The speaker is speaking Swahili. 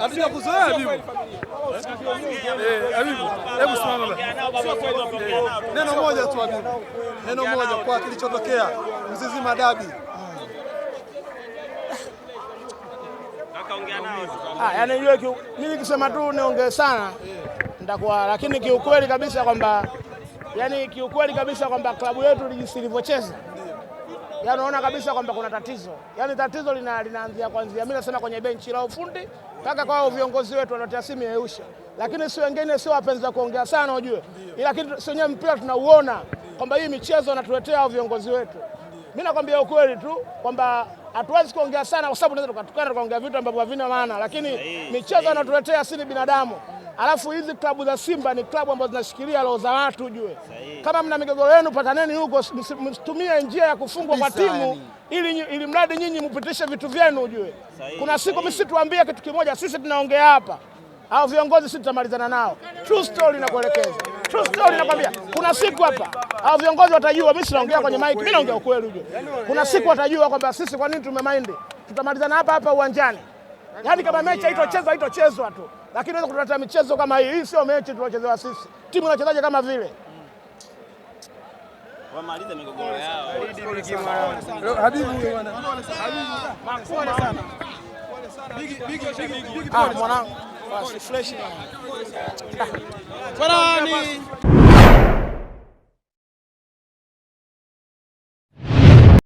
Hatujakuzoea hivyo, hivyo. Hebu simama, neno moja tu Habibu, neno moja kwa kilichotokea Mzizi Madabi. Yaani jue mimi kisema tu niongee sana nitakuwa, lakini kiukweli kabisa kwamba, yani kiukweli kabisa kwamba klabu yetu jinsi ilivyocheza yaani unaona kabisa kwamba kuna tatizo, yaani tatizo lina, linaanzia kwanzia, mimi nasema kwenye benchi la ufundi mpaka kwa viongozi wetu simu yausha, lakini si wengine, sio wapenzi wa kuongea sana ujue, lakini si wenyewe mpira tunauona kwamba hii michezo hao viongozi wetu. Mimi nakwambia ukweli tu kwamba hatuwezi kuongea sana, kwa sababu tunaweza tukatukana tukaongea vitu ambavyo havina maana, lakini michezo anatuletea sisi binadamu Alafu hizi klabu za Simba ni klabu ambazo zinashikilia roho za watu jue. Kama mna migogoro yenu, pataneni huko, msitumie njia ya kufungwa kwa timu ili, ili mradi nyinyi mpitishe vitu vyenu jue. Kuna siku mimi situambia kitu kimoja, sisi tunaongea hapa au viongozi sisi tutamalizana nao. True story nakuelekeza, true story nakwambia, kuna siku hapa au viongozi watajua. Mimi sinaongea kwenye mic, mimi naongea ukweli ujue. Kuna siku watajua kwamba sisi kwa nini tumemind, tutamalizana hapa hapa uwanjani, yaani kama mechi haitochezwa haitochezwa tu lakini naweza kutatia michezo kama hii. Hii sio mechi tunachezewa sisi, timu inachezaje kama vile wamaliza migogoro yao. Mwanangu